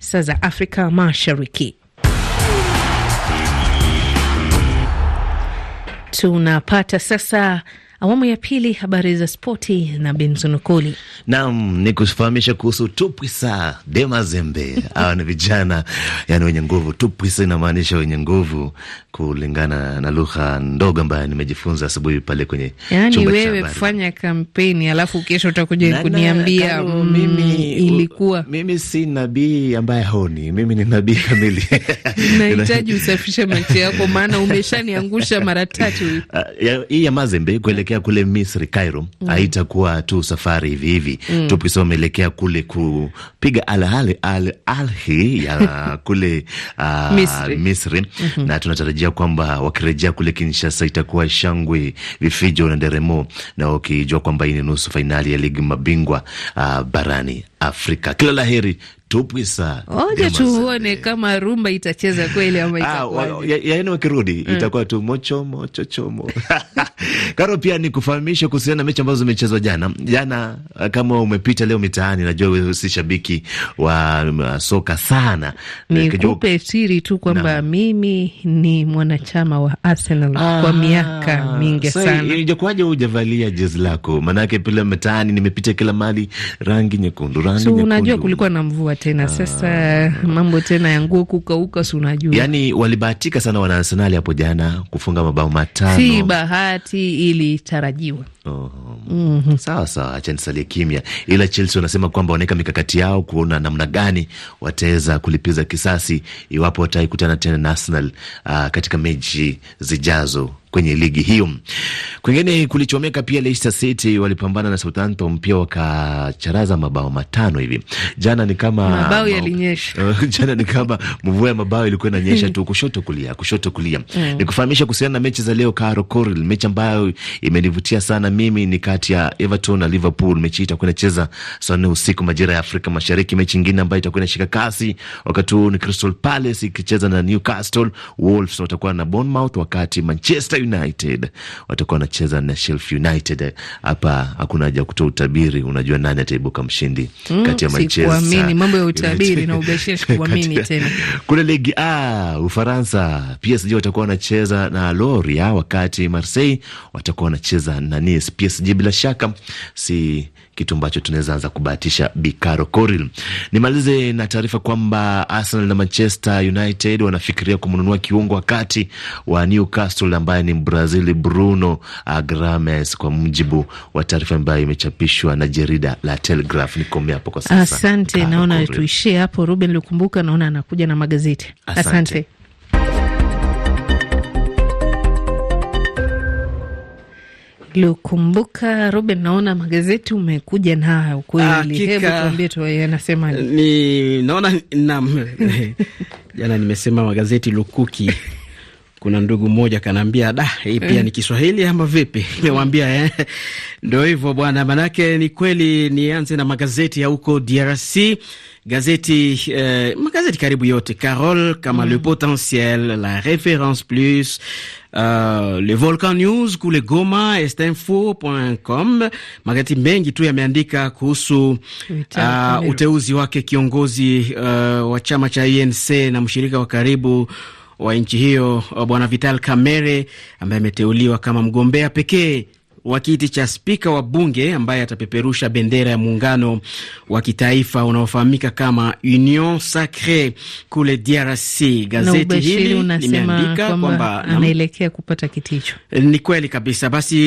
saa za Afrika Mashariki. Tunapata sasa awamu ya pili. Habari za spoti na Benson Okoli. Naam, ni kufahamisha kuhusu Tupwisa de Mazembe. Hawa ni vijana yani wenye nguvu. Tupwisa inamaanisha wenye nguvu kulingana na lugha ndogo ambayo nimejifunza asubuhi pale kwenye yani wewe fanya kampeni alafu kesho utakuja kuniambia mimi mm, ilikuwa mimi si nabii ambaye honi, mimi ni nabii kamili. Nahitaji usafishe macho yako, maana umeshaniangusha mara tatu ah, hii ya Mazembe kuelekea tukielekea kule Misri, Cairo mm. haitakuwa mm. tu safari hivi hivi mm. tupo someelekea kule kupiga alhali al alhi ya kule uh, Misri, Misri. Mm -hmm. na tunatarajia kwamba wakirejea kule Kinshasa itakuwa shangwe, vifijo na nderemo, na wakijua kwamba hii ni nusu fainali ya ligi mabingwa uh, barani Afrika. Kila la heri, saa oja tuone kama rumba itacheza kweli ama ah, itakuwaje. Yaani wakirudi mm. itakuwa tu mocho mocho chomo karo. Pia ni kufahamisha kuhusiana na mechi ambazo zimechezwa jana jana. Eh, kama umepita leo mitaani, najua wewe si shabiki wa um, soka sana. Nikupe siri tu kwamba mimi ni mwanachama wa Arsenal ah, kwa miaka mingi sana. Ijakuwaje hujavalia jezi lako? Maanake pale mitaani nimepita kila mali, rangi nyekundu so, unajua kulikuwa na mvua tena aa. Ah. Sasa mambo tena ya nguo kukauka, si unajua, yani walibahatika sana wana Arsenal hapo jana kufunga mabao matano, si bahati, ilitarajiwa. Mm -hmm. Sawa sawa, acha nisalie kimya, ila Chelsea wanasema kwamba wanaweka mikakati yao kuona namna gani wataweza kulipiza kisasi iwapo wataikutana tena na Arsenal uh, katika mechi zijazo kwenye ligi hiyo. Kwingine kulichomeka pia, Leicester City walipambana na Southampton pia wakacharaza mabao matano hivi. Jana ni kama mabao yalinyesha. Eh, jana ni kama mvua ya mabao ilikuwa inanyesha hmm. tu kushoto kulia, kushoto kulia. Mm. Nikufahamisha kuhusiana na mechi za leo, Caro Coril, mechi ambayo imenivutia sana mimi ni kati ya Everton na Liverpool. Mechi itakuwa inacheza saa nne usiku majira ya Afrika Mashariki. Mechi nyingine ambayo itakuwa inashika kasi wakati huu ni Crystal Palace ikicheza na Newcastle. Wolves watakuwa na Bournemouth, wakati Manchester Manchester United watakuwa wanacheza na Sheffield United. Hapa hakuna haja kutoa utabiri, unajua nani ataibuka mshindi mm, kati ya Manchester. Mambo ya utabiri na ubashiri sikuamini tena. Kule ligi A Ufaransa, PSG watakuwa wanacheza na Lorient, wakati Marseille watakuwa wanacheza na Nice. PSG bila shaka si kitu ambacho tunaweza anza kubahatisha Bikaro Koril. Nimalize na taarifa kwamba Arsenal na Manchester United wanafikiria kumnunua kiungo wa kati wa Newcastle ambaye ni Brazil Bruno Agrames, kwa mujibu wa taarifa ambayo imechapishwa na jarida la Telegraph. Nikomea hapo kwa sasa. Asante, naona tuishie hapo. Ruben Lukumbuka naona anakuja na magazeti. Asante, asante. Lukumbuka robe naona magazeti umekuja nayo kweli, hebu tuambie tu yanasema naona nam jana nimesema magazeti lukuki kuna ndugu mmoja kanaambia da, hii pia eh. ni Kiswahili ama vipi? Nimewambia eh, ndio hivyo bwana, manake ni kweli. Nianze na magazeti ya huko DRC Gazeti eh, magazeti karibu yote Carol kama mm. Le Potentiel, La Référence Plus, uh, Le Volcan News kule Goma, estinfo.com. Magazeti mengi tu yameandika kuhusu uh, uteuzi wake kiongozi uh, wa chama cha UNC na mshirika wa karibu wa nchi hiyo Bwana Vital Kamerhe ambaye ameteuliwa kama mgombea pekee wa kiti cha spika wa bunge ambaye atapeperusha bendera ya muungano wa kitaifa unaofahamika kama Union Sacre kule DRC. Gazeti hili limeandika kwamba anaelekea kupata kiti hicho. Eh, ni kweli kabisa. Basi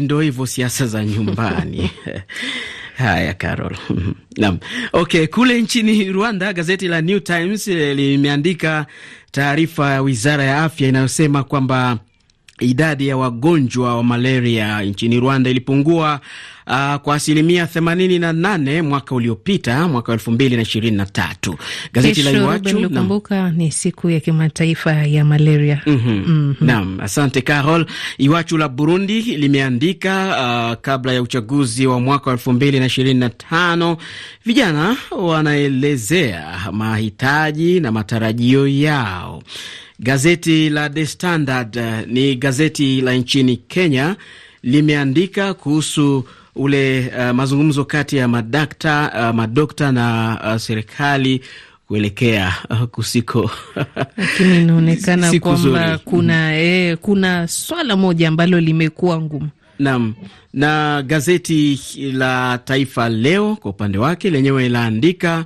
ndo hivyo siasa za nyumbani. Haya, Carol. Naam. Okay, kule nchini Rwanda gazeti la New Times eh, limeandika taarifa ya wizara ya afya inayosema kwamba idadi ya wagonjwa wa malaria nchini Rwanda ilipungua uh, kwa asilimia 88 mwaka uliopita, mwaka 2023. Gazeti la Iwachu nakumbuka ni siku ya kimataifa ya malaria. mm -hmm. mm -hmm. Naam, asante Carol. Iwachu la Burundi limeandika uh, kabla ya uchaguzi wa mwaka 2025 vijana wanaelezea mahitaji na matarajio yao. Gazeti la The Standard eh, ni gazeti la nchini Kenya, limeandika kuhusu ule uh, mazungumzo kati ya madakta uh, madokta na uh, serikali kuelekea uh, kusiko lakini inaonekana kwamba kuna, eh, kuna swala moja ambalo limekuwa ngumu Nam na gazeti la Taifa Leo kwa upande wake lenyewe laandika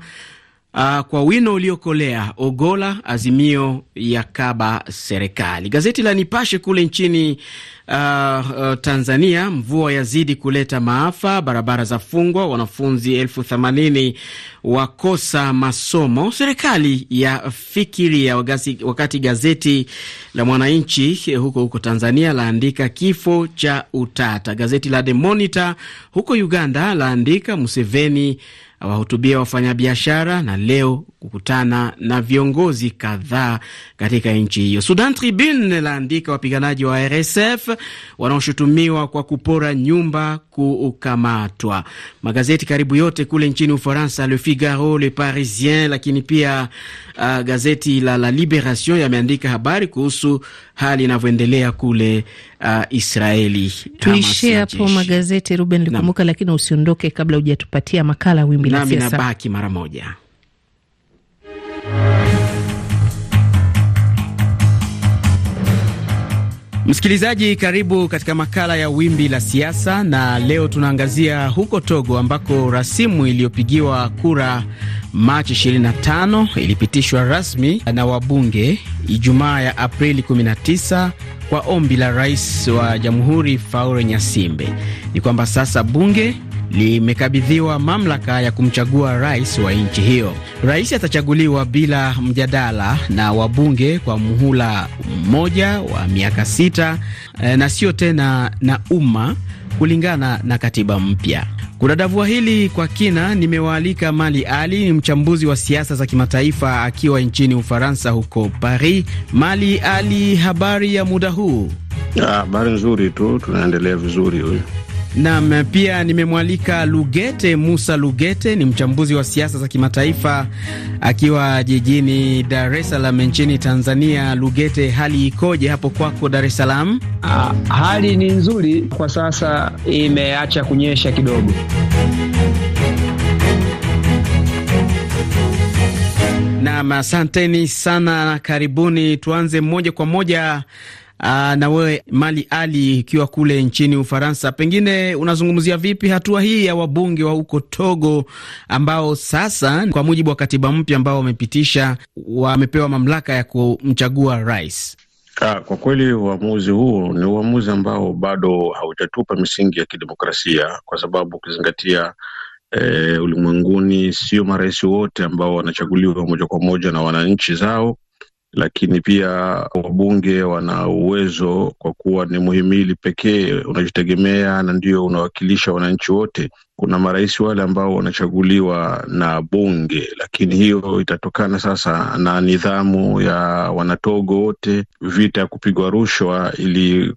Uh, kwa wino uliokolea Ogola azimio ya kaba serikali. Gazeti la Nipashe kule nchini Ah, uh, Tanzania mvua yazidi kuleta maafa, barabara za fungwa, wanafunzi elfu themanini wakosa masomo, serikali ya wagasi, wakati gazeti la Mwananchi eh, huko huko Tanzania laandika kifo cha utata. Gazeti la The Monitor huko Uganda laandika Museveni awahutubia wafanyabiashara na leo kukutana na viongozi kadhaa katika nchi hiyo. Sudan Tribune laandika wapiganaji wa RSF wanaoshutumiwa kwa kupora nyumba kukamatwa. Magazeti karibu yote kule nchini Ufaransa, Le Figaro, Le Parisien, lakini pia uh, gazeti la La Liberation yameandika habari kuhusu hali inavyoendelea kule uh, Israeli. Tuishie hapo magazeti, Ruben Likumbuka, lakini usiondoke kabla hujatupatia makala wimbi la siasa. Nami nabaki mara moja Msikilizaji, karibu katika makala ya wimbi la siasa, na leo tunaangazia huko Togo ambako rasimu iliyopigiwa kura Machi 25 ilipitishwa rasmi na wabunge Ijumaa ya Aprili 19 kwa ombi la rais wa jamhuri Faure Nyasimbe. Ni kwamba sasa bunge limekabidhiwa mamlaka ya kumchagua rais wa nchi hiyo. Rais atachaguliwa bila mjadala na wabunge kwa muhula mmoja wa miaka sita eh, na sio tena na umma, kulingana na katiba mpya. Kudadavua hili kwa kina, nimewaalika Mali Ali, ni mchambuzi wa siasa za kimataifa akiwa nchini Ufaransa, huko Paris. Mali Ali, habari ya muda huu? Ah, habari nzuri tu, tunaendelea vizuri. Huyu Nam, pia nimemwalika Lugete Musa. Lugete ni mchambuzi wa siasa za kimataifa akiwa jijini Dar es Salaam nchini Tanzania. Lugete, hali ikoje hapo kwako Dar es Salaam? Ah, hali ni nzuri kwa sasa, imeacha kunyesha kidogo. Nam, asanteni sana, karibuni. Tuanze moja kwa moja Aa, ah, na wewe Mali Ali ikiwa kule nchini Ufaransa, pengine unazungumzia vipi hatua hii ya wabunge wa huko Togo ambao sasa kwa mujibu wa katiba mpya ambao wamepitisha wamepewa mamlaka ya kumchagua rais? Ka, ah, kwa kweli uamuzi huo ni uamuzi ambao bado haujatupa misingi ya kidemokrasia kwa sababu ukizingatia E, ulimwenguni sio marais wote ambao wanachaguliwa moja kwa moja na wananchi zao lakini pia wabunge wana uwezo kwa kuwa ni muhimili pekee unajitegemea na ndio unawakilisha wananchi wote. Kuna marais wale ambao wanachaguliwa na bunge, lakini hiyo itatokana sasa na nidhamu ya wanatogo wote, vita ya kupigwa rushwa ili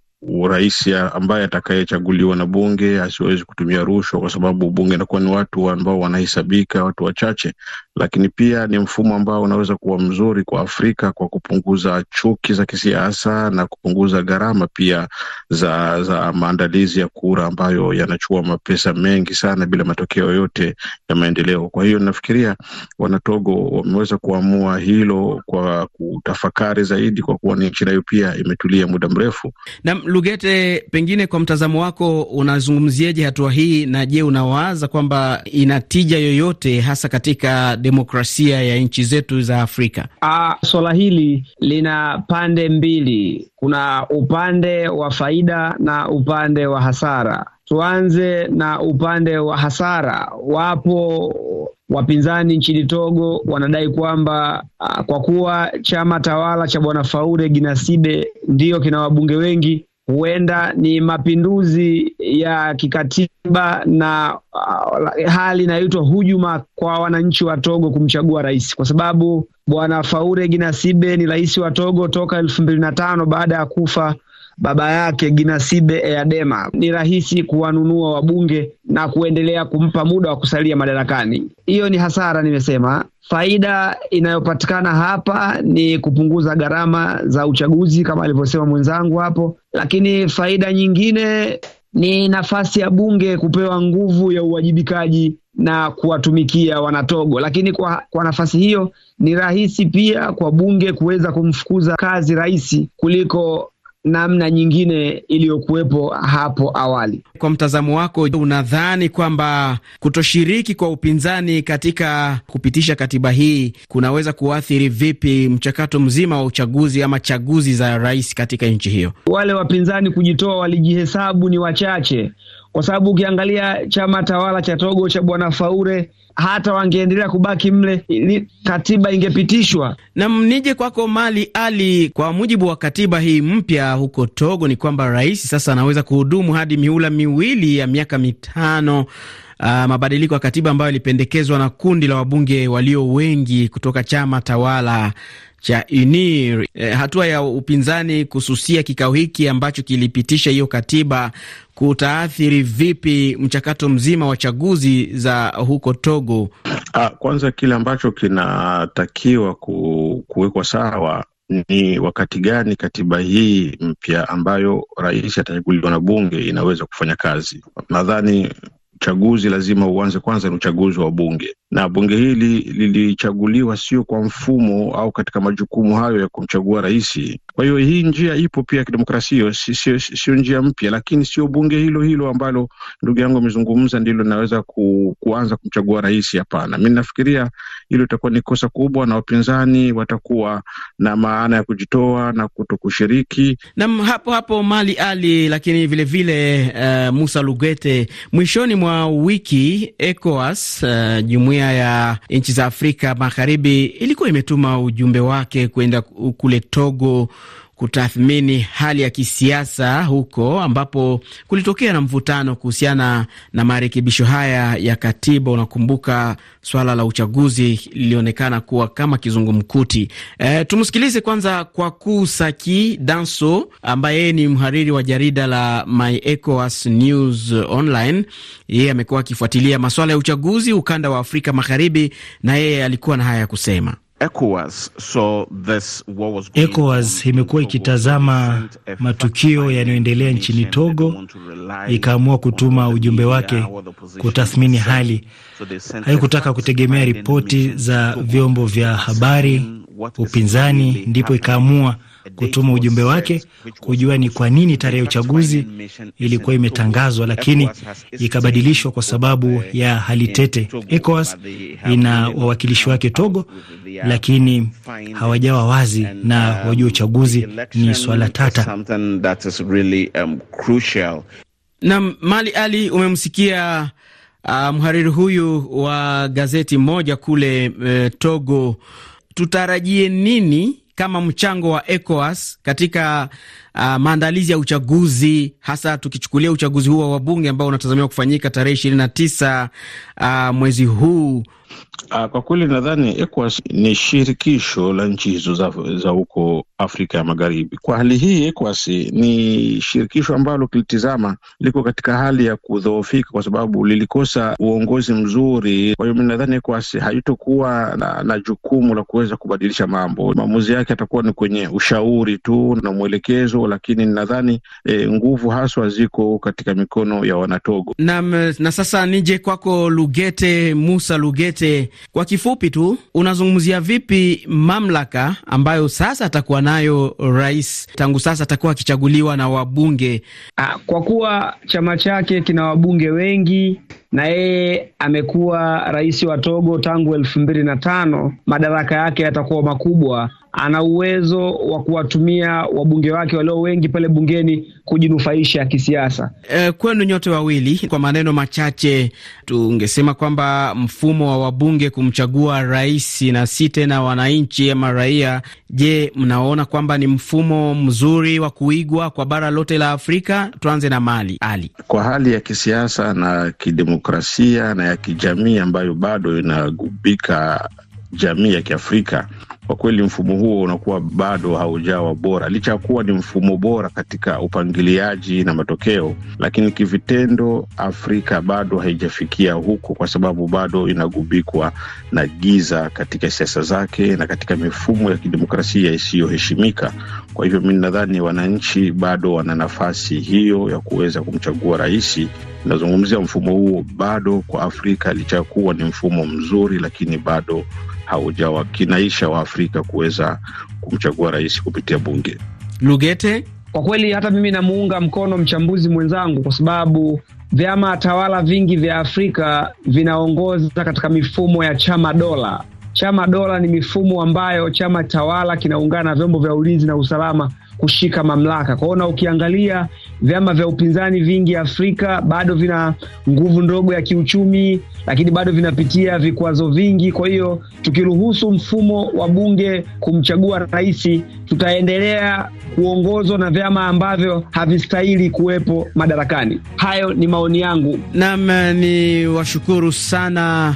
rais ambaye atakayechaguliwa na bunge asiwezi kutumia rushwa, kwa sababu bunge inakuwa ni watu ambao wanahesabika, watu wachache lakini pia ni mfumo ambao unaweza kuwa mzuri kwa Afrika kwa kupunguza chuki za kisiasa na kupunguza gharama pia za, za maandalizi ya kura ambayo yanachukua mapesa mengi sana bila matokeo yote ya maendeleo. Kwa hiyo nafikiria Wanatogo wameweza kuamua hilo kwa kutafakari zaidi, kwa kuwa ni nchi nayo pia imetulia muda mrefu. Na Lugete, pengine kwa mtazamo wako unazungumziaje hatua hii, na je, unawaza kwamba ina tija yoyote hasa katika demokrasia ya nchi zetu za Afrika? suala ah, swala hili lina pande mbili. Kuna upande wa faida na upande wa hasara. Tuanze na upande wa hasara. Wapo wapinzani nchini Togo wanadai kwamba ah, kwa kuwa chama tawala cha Bwana Faure Ginaside ndiyo kina wabunge wengi huenda ni mapinduzi ya kikatiba na uh, hali inayoitwa hujuma kwa wananchi wa Togo kumchagua rais, kwa sababu bwana Faure Ginasibe ni rais wa Togo toka elfu mbili na tano baada ya kufa baba yake ginasibe Eyadema, ni rahisi kuwanunua wabunge na kuendelea kumpa muda wa kusalia madarakani. Hiyo ni hasara nimesema. Faida inayopatikana hapa ni kupunguza gharama za uchaguzi kama alivyosema mwenzangu hapo, lakini faida nyingine ni nafasi ya bunge kupewa nguvu ya uwajibikaji na kuwatumikia Wanatogo. Lakini kwa, kwa nafasi hiyo ni rahisi pia kwa bunge kuweza kumfukuza kazi rais kuliko namna nyingine iliyokuwepo hapo awali. Kwa mtazamo wako, unadhani kwamba kutoshiriki kwa upinzani katika kupitisha katiba hii kunaweza kuathiri vipi mchakato mzima wa uchaguzi ama chaguzi za rais katika nchi hiyo? Wale wapinzani kujitoa walijihesabu ni wachache, kwa sababu ukiangalia chama tawala cha Togo cha Bwana Faure hata wangeendelea kubaki mle, katiba ingepitishwa. Na nije kwako Mali Ali, kwa mujibu wa katiba hii mpya huko Togo ni kwamba rais sasa anaweza kuhudumu hadi mihula miwili ya miaka mitano. Uh, mabadiliko ya katiba ambayo yalipendekezwa na kundi la wabunge walio wengi kutoka chama tawala cha UNIR. Eh, hatua ya upinzani kususia kikao hiki ambacho kilipitisha hiyo katiba kutaathiri vipi mchakato mzima wa chaguzi za huko Togo? kidogo? Ha, ah, kwanza kile ambacho kinatakiwa ku, kuwekwa sawa ni wakati gani katiba hii mpya ambayo rais atachaguliwa na bunge inaweza kufanya kazi. Nadhani uchaguzi lazima uanze kwanza, ni uchaguzi wa bunge, na bunge hili lilichaguliwa sio kwa mfumo au katika majukumu hayo ya kumchagua rais. Kwa hiyo hii njia ipo pia ya kidemokrasia, sio njia mpya, lakini sio bunge hilo hilo ambalo ndugu yangu amezungumza ndilo linaweza ku, kuanza kumchagua rais. Hapana, mi nafikiria hilo itakuwa ni kosa kubwa, na wapinzani watakuwa na maana ya kujitoa na kuto kushiriki nam hapo hapo Mali Ali, lakini vilevile vile, uh, Musa Lugete mwishoni mwa wiki ECOWAS, uh, jumuiya ya nchi za Afrika Magharibi ilikuwa imetuma ujumbe wake kwenda kule Togo kutathmini hali ya kisiasa huko ambapo kulitokea na mvutano kuhusiana na marekebisho haya ya katiba. Unakumbuka swala la uchaguzi lilionekana kuwa kama kizungumkuti. E, tumsikilize kwanza kuu Saki Danso ambaye yeye ni mhariri wa jarida la My ECOWAS News Online. Yeye amekuwa akifuatilia maswala ya uchaguzi ukanda wa Afrika Magharibi, na yeye alikuwa na haya ya kusema. ECOWAS, this war was ECOWAS imekuwa ikitazama matukio yanayoendelea nchini Togo, ikaamua kutuma ujumbe wake kutathmini hali. Haikutaka kutegemea ripoti za vyombo vya habari, upinzani, ndipo ikaamua kutuma ujumbe wake kujua ni kwa nini tarehe ya uchaguzi ilikuwa imetangazwa lakini ikabadilishwa kwa sababu ya hali tete. ECOWAS ina wawakilishi wake Togo, lakini hawajawa wazi na wajua uchaguzi ni swala tata. Na Mali Ali, umemsikia uh, mhariri huyu wa gazeti moja kule uh, Togo, tutarajie nini kama mchango wa ECOWAS katika uh, maandalizi ya uchaguzi hasa tukichukulia uchaguzi huo wa wabunge ambao unatazamiwa kufanyika tarehe ishirini na tisa uh, mwezi huu. Uh, kwa kweli nadhani ECOWAS ni shirikisho la nchi hizo za, za huko Afrika ya Magharibi. Kwa hali hii ECOWAS ni shirikisho ambalo kilitizama liko katika hali ya kudhoofika kwa sababu lilikosa uongozi mzuri. Kwa hiyo mi nadhani ECOWAS haitokuwa na, na jukumu la kuweza kubadilisha mambo. Maamuzi yake atakuwa ni kwenye ushauri tu na mwelekezo lakini nadhani e, nguvu haswa ziko katika mikono ya Wanatogo. nam na sasa nije kwako Lugete Musa Lugete, kwa kifupi tu unazungumzia vipi mamlaka ambayo sasa atakuwa nayo rais? Tangu sasa atakuwa akichaguliwa na wabunge, ah, kwa kuwa chama chake kina wabunge wengi na yeye amekuwa rais wa Togo tangu elfu mbili na tano. Madaraka yake yatakuwa makubwa ana uwezo wa kuwatumia wabunge wake walio wengi pale bungeni kujinufaisha kisiasa. E, kwenu nyote wawili, kwa maneno machache, tungesema kwamba mfumo wa wabunge kumchagua rais na si tena wananchi ama raia, je, mnaona kwamba ni mfumo mzuri wa kuigwa kwa bara lote la Afrika? Tuanze na Mali Ali. Kwa hali ya kisiasa na kidemokrasia na ya kijamii ambayo bado inagubika jamii ya Kiafrika, kwa kweli mfumo huo unakuwa bado haujawa bora, licha ya kuwa ni mfumo bora katika upangiliaji na matokeo, lakini kivitendo Afrika bado haijafikia huko, kwa sababu bado inagubikwa na giza katika siasa zake na katika mifumo ya kidemokrasia isiyoheshimika. Kwa hivyo mi nadhani wananchi bado wana nafasi hiyo ya kuweza kumchagua rais. Inazungumzia mfumo huo bado kwa Afrika, licha ya kuwa ni mfumo mzuri, lakini bado haujawakinaisha Waafrika kuweza kumchagua rais kupitia bunge. Lugete, kwa kweli hata mimi namuunga mkono mchambuzi mwenzangu kwa sababu vyama tawala vingi vya Afrika vinaongoza katika mifumo ya chama dola. Chama dola ni mifumo ambayo chama tawala kinaungana na vyombo vya ulinzi na usalama kushika mamlaka. Kwa na ukiangalia vyama vya upinzani vingi Afrika bado vina nguvu ndogo ya kiuchumi, lakini bado vinapitia vikwazo vingi. Kwa hiyo tukiruhusu mfumo wa bunge kumchagua rais, tutaendelea kuongozwa na vyama ambavyo havistahili kuwepo madarakani. Hayo ni maoni yangu. Naam, ni washukuru sana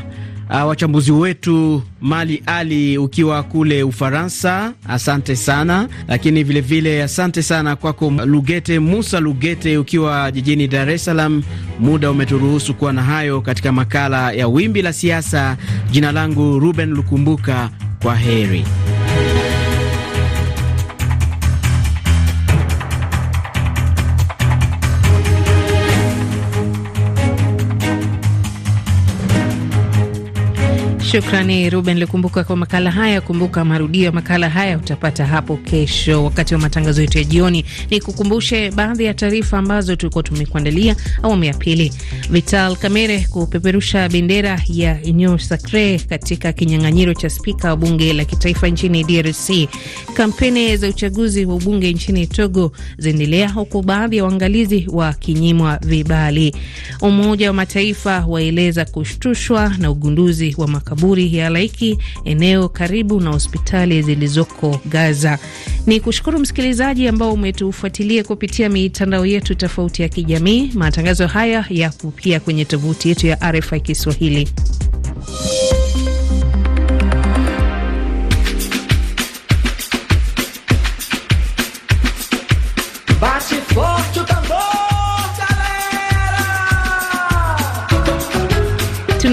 uh, wachambuzi wetu Mali Ali ukiwa kule Ufaransa, asante sana lakini vilevile vile, asante sana kwako Lugete Musa Lugete ukiwa jijini Dar es Salaam. Muda umeturuhusu kuwa na hayo katika makala ya Wimbi la Siasa. Jina langu Ruben Lukumbuka, kwa heri. Shukrani Ruben Likumbuka kwa makala haya. Kumbuka marudio ya makala haya utapata hapo kesho wakati wa matangazo yetu ya jioni. Ni kukumbushe baadhi ya taarifa ambazo tulikuwa tumekuandalia awamu ya pili. Vital Kamere kupeperusha bendera ya Union Sacre katika kinyang'anyiro cha spika wa bunge la kitaifa nchini DRC. Kampeni za uchaguzi wa ubunge nchini Togo zaendelea huku baadhi ya waangalizi wakinyimwa vibali. Umoja wa Mataifa waeleza kushtushwa na ugunduzi wa makabu makaburi ya Laiki, eneo karibu na hospitali zilizoko Gaza. Ni kushukuru msikilizaji ambao umetufuatilia kupitia mitandao yetu tofauti ya kijamii. Matangazo haya yapo pia kwenye tovuti yetu ya RFI Kiswahili.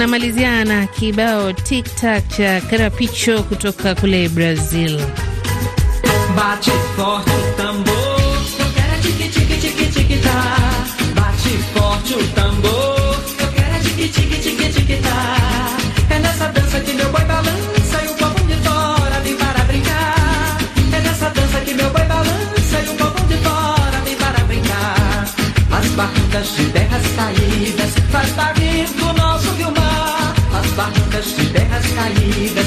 tunamalizia na kibao tiktak cha Karapicho kutoka kule Brazil. saída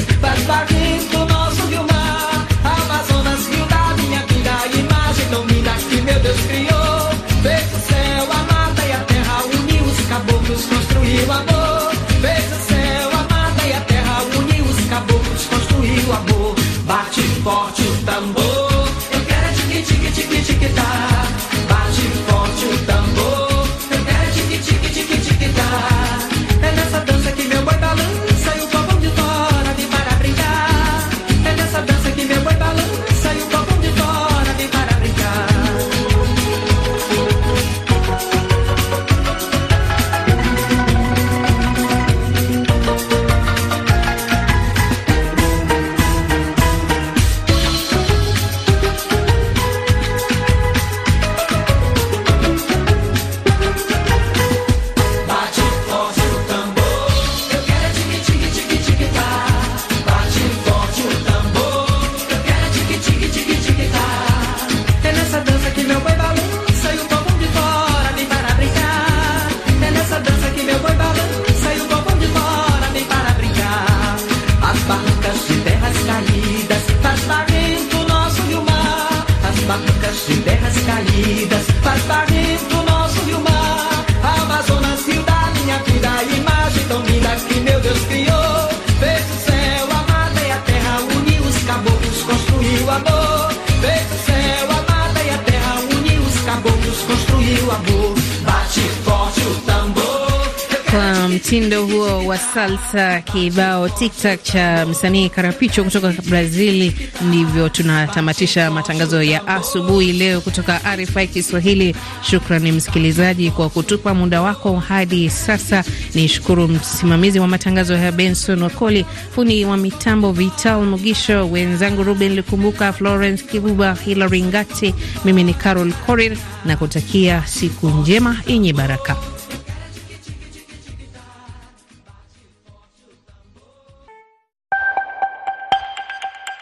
mtindo huo wa salsa kibao tiktak cha msanii Karapicho kutoka Brazili. Ndivyo tunatamatisha matangazo ya asubuhi leo kutoka RFI Kiswahili. Shukrani msikilizaji kwa kutupa muda wako hadi sasa. Ni shukuru msimamizi wa matangazo ya Benson Wakoli, fundi wa mitambo Vital Mugisho, wenzangu Ruben Likumbuka, Florence Kibuba, Hilary Ngati. Mimi ni Carol Korir na kutakia siku njema yenye baraka.